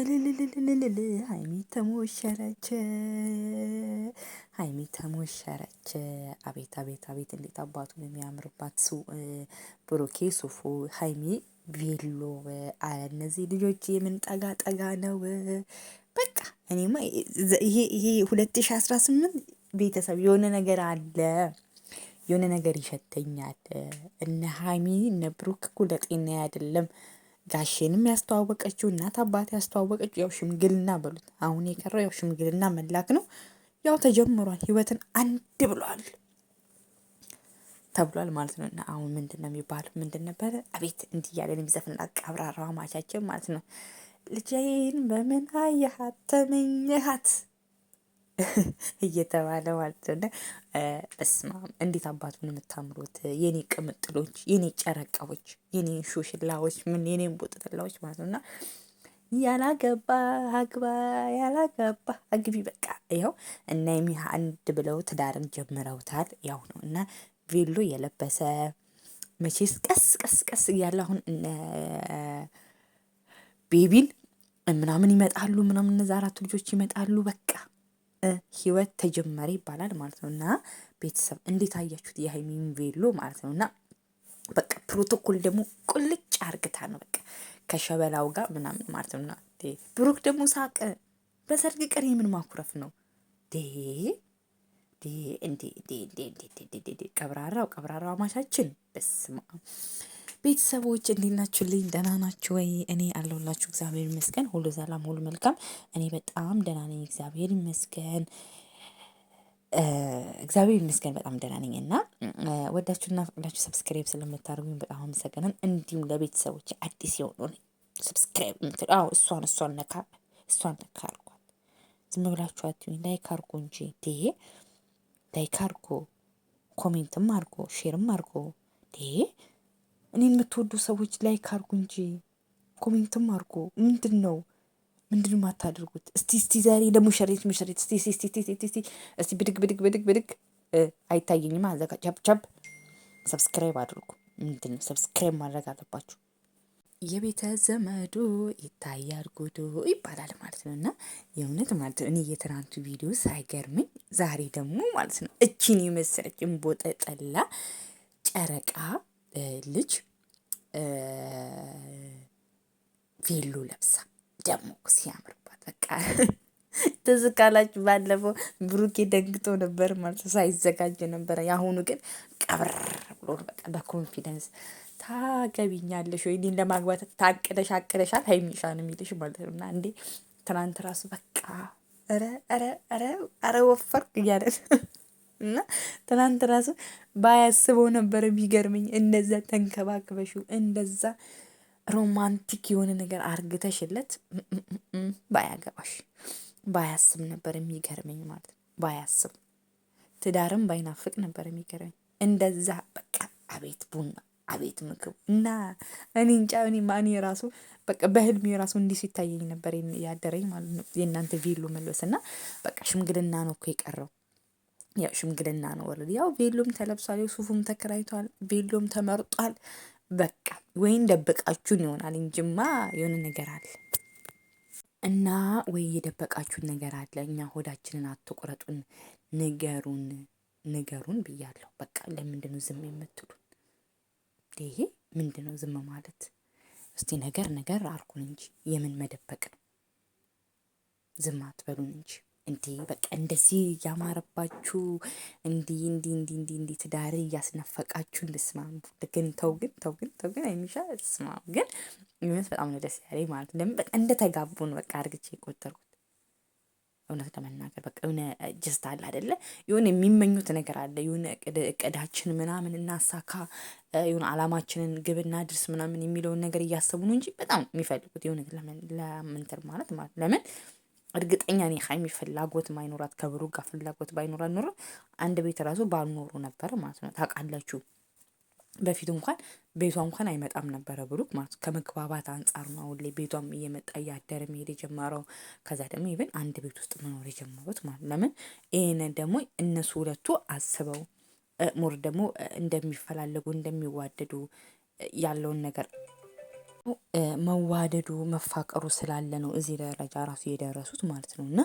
እልልልልልል ሀይሚ ተሞሸረች፣ ሀይሚ ተሞሸረች። አቤት አቤት አቤት! እንዴት አባቱ ነው የሚያምርባት! ሱ ብሩኬ ሱፉ፣ ሀይሚ ቬሎ። እነዚህ ልጆች የምን ጠጋ ጠጋ ነው? በቃ እኔማ ይሄ ሁለት ሺ አስራ ስምንት ቤተሰብ የሆነ ነገር አለ የሆነ ነገር ይሸተኛል። እነ ሀይሚ እነ ብሩክ እኮ ለጤና አይደለም። ጋሼንም ያስተዋወቀችው እናት አባት ያስተዋወቀችው ያው ሽምግልና በሉት አሁን የቀረው ያው ሽምግልና መላክ ነው። ያው ተጀምሯል። ህይወትን አንድ ብሏል ተብሏል ማለት ነው። እና አሁን ምንድን ነው የሚባለው? ምንድን ነበረ? አቤት እንዲህ እያለን የሚዘፍንላት ቀብራራ ማቻቸው ማለት ነው። ልጄን በምን አየሃት ተመኘሃት እየተባለ ማለት ነው። እንዴት አባት ምን የምታምሩት የኔ ቅምጥሎች፣ የኔ ጨረቃዎች፣ የኔ ሹሽላዎች፣ ምን የኔን ቦጥጥላዎች ማለት ነው እና ያላገባ አግባ ያላገባ አግቢ በቃ ይኸው እና የሚ አንድ ብለው ትዳርን ጀምረውታል። ያው ነው እና ቬሎ የለበሰ መቼስ ቀስ ቀስ ቀስ እያለ አሁን ቤቢን ምናምን ይመጣሉ ምናምን እነዛ አራቱ ልጆች ይመጣሉ በቃ ህይወት ተጀመረ ይባላል ማለት ነው። እና ቤተሰብ እንዴት አያችሁት? የሀይሚን ቬሎ ማለት ነው። እና በቃ ፕሮቶኮል ደግሞ ቁልጭ አርግታ ነው በቃ ከሸበላው ጋር ምናምን ማለት ነው። እና ብሩክ ደግሞ ሳቅ። በሰርግ ቀን የምን ማኩረፍ ነው እንዴ? ቀብራራው ቀብራራው አማቻችን በስማ ቤተሰቦች እንዴት ናችሁልኝ? ደህና ናችሁ ወይ? እኔ አለሁላችሁ። እግዚአብሔር ይመስገን፣ ሁሉ ሰላም፣ ሁሉ መልካም። እኔ በጣም ደህና ነኝ፣ እግዚአብሔር ይመስገን፣ እግዚአብሔር ይመስገን፣ በጣም ደህና ነኝ። እና ወዳችሁና ፈቅዳችሁ ሰብስክራይብ ስለምታደርጉኝ በጣም አመሰግናለሁ። እንዲሁም ለቤተሰቦች አዲስ የሆኑ ሰብስክራይብ አዎ፣ እሷን እሷን ነካ እሷን ነካ አርጓል። ዝም ብላችሁ አትሁኝ፣ ላይክ አርጎ እንጂ ዴ ላይክ አርጎ ኮሜንትም አርጎ ሼርም አርጎ ዴ እኔን የምትወዱ ሰዎች ላይክ አርጉ እንጂ ኮሜንትም አርጉ። ምንድን ነው ምንድን ማታደርጉት? እስቲ እስቲ ዛሬ ለሙሸሬት ሙሸሬት እስቲ እስቲ እስቲ ብድግ ብድግ ብድግ ብድግ አይታየኝም። አዘጋ ቻፕቻፕ ሰብስክራይብ አድርጉ። ምንድን ነው ሰብስክራይብ ማድረግ አለባችሁ። የቤተ ዘመዱ ይታያል ጉዱ ይባላል ማለት ነው። እና የእውነት ማለት ነው እኔ የትናንቱ ቪዲዮ ሳይገርምኝ ዛሬ ደግሞ ማለት ነው እችን የመሰለች እንቦጠ ጠላ ጨረቃ ልጅ ቬሎ ለብሳ ደግሞ ሲያምርባት በቃ ትዝ ካላችሁ ባለፈው ብሩኬ ደንግጦ ነበር ማለት ሳይዘጋጅ ነበረ። የአሁኑ ግን ቀብር ብሎ በቃ በኮንፊደንስ ታገቢኛለሽ ወይ እኔን ለማግባት ታቅደሽ አቅደሻል ሀይሚሻ ነው የሚልሽ ማለት ነው። እና እንዴ ትናንት ራሱ በቃ ረ ረ ረ ረ ወፈርኩ እያለ እና ትናንት ራሱ ባያስበው ነበር የሚገርመኝ። እንደዛ ተንከባክበሽው እንደዛ ሮማንቲክ የሆነ ነገር አርግተሽለት ባያገባሽ ባያስብ ነበር የሚገርመኝ ማለት ነው። ባያስብ ትዳርም ባይናፍቅ ነበር የሚገርመኝ። እንደዛ በቃ አቤት ቡና አቤት ምግብ እና እኔ እንጫ እኔ ማን የራሱ በቃ በህልም የራሱ እንዲህ ሲታየኝ ነበር ያደረኝ ማለት ነው። የእናንተ ቬሎ መልበስ እና በቃ ሽምግልና ነው እኮ የቀረው ያው ሽምግልና ነው ወረድ ያው ቬሎም ተለብሷል፣ ሱፉም ተከራይቷል፣ ቬሎም ተመርጧል። በቃ ወይን ደበቃችሁን ይሆናል እንጂማ የሆነ ነገር አለ እና ወይ የደበቃችሁን ነገር አለ። እኛ ሆዳችንን አትቁረጡን፣ ንገሩን፣ ንገሩን ብያለሁ። በቃ ለምንድን ነው ዝም የምትሉን? ይሄ ምንድን ነው ዝም ማለት? እስቲ ነገር ነገር አርኩን እንጂ የምን መደበቅ ነው? ዝም አትበሉን እንጂ እንዴ በቃ እንደዚህ እያማረባችሁ እንዲ እንዲ እንዲ እንዲ እንዲ ትዳር እያስነፈቃችሁ እንድስማ ግን ተው ግን ተው ግን ተው ግን አይሚሻ ስማ ግን እውነት በጣም ነው ደስ ያለኝ ማለት ለምን በቃ እንደ ተጋቡን በቃ አድርግቼ የቆጠርኩት እውነት ለመናገር በቃ የሆነ ጀስት አለ አደለ የሆነ የሚመኙት ነገር አለ የሆነ እቅዳችን ምናምን እናሳካ የሆነ አላማችንን ግብና ድርስ ምናምን የሚለውን ነገር እያሰቡ ነው እንጂ በጣም የሚፈልጉት የሆነ ለምንትር ማለት ማለት ለምን እርግጠኛ ነኝ ሀይሚ ፍላጎት ማይኖራት ከብሩ ጋር ፍላጎት ባይኖራት ኖሮ አንድ ቤት ራሱ ባልኖሩ ነበር ማለት ነው። ታውቃላችሁ በፊት እንኳን ቤቷ እንኳን አይመጣም ነበረ ብሩክ ማለት ከመግባባት አንጻር ነው። አሁን ላይ ቤቷም እየመጣ እያደረ መሄድ የጀመረው ከዛ ደግሞ ይብን አንድ ቤት ውስጥ መኖር የጀመሩት ማለት ለምን ይህንን ደግሞ እነሱ ሁለቱ አስበው ሞር ደግሞ እንደሚፈላለጉ እንደሚዋደዱ ያለውን ነገር ደግሞ መዋደዱ መፋቀሩ ስላለ ነው እዚህ ደረጃ ራሱ የደረሱት ማለት ነው። እና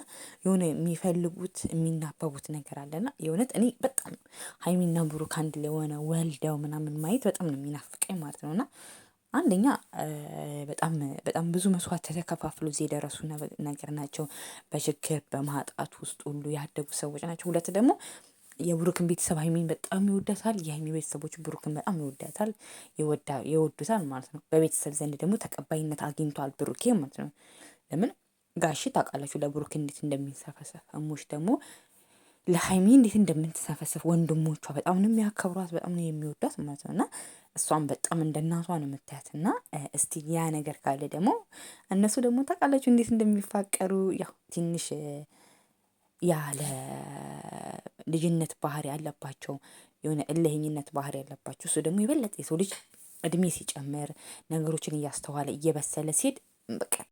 የሆነ የሚፈልጉት የሚናበቡት ነገር አለና የእውነት እኔ በጣም ሀይሚና ብሩክ አንድ ላይ የሆነ ወልደው ምናምን ማየት በጣም ነው የሚናፍቀኝ ማለት ነው። እና አንደኛ በጣም በጣም ብዙ መስዋዕት ተከፋፍሎ እዚህ የደረሱ ነገር ናቸው። በችግር በማጣት ውስጥ ሁሉ ያደጉ ሰዎች ናቸው። ሁለት ደግሞ የብሩክን ቤተሰብ ሀይሚን በጣም ይወዳታል። የሀይሚ ቤተሰቦች ብሩክን በጣም ይወዳታል ይወዱታል ማለት ነው። በቤተሰብ ዘንድ ደግሞ ተቀባይነት አግኝቷል ብሩኬ ማለት ነው። ለምን ጋሽ ታውቃላችሁ ለብሩክ እንዴት እንደሚንሰፈሰፍ፣ እሞች ደግሞ ለሀይሚ እንዴት እንደምትሰፈሰፍ፣ ወንድሞቿ በጣም ነው የሚያከብሯት፣ በጣም ነው የሚወዷት ማለት ነው። እና እሷን በጣም እንደ እናቷ ነው የምታያት። እና እስቲ ያ ነገር ካለ ደግሞ እነሱ ደግሞ ታውቃላችሁ እንዴት እንደሚፋቀሩ ያው ትንሽ ያለ ልጅነት ባህሪ ያለባቸው የሆነ እልህኝነት ባህሪ ያለባቸው እሱ ደግሞ የበለጠ የሰው ልጅ እድሜ ሲጨምር ነገሮችን እያስተዋለ እየበሰለ ሲሄድ በቃ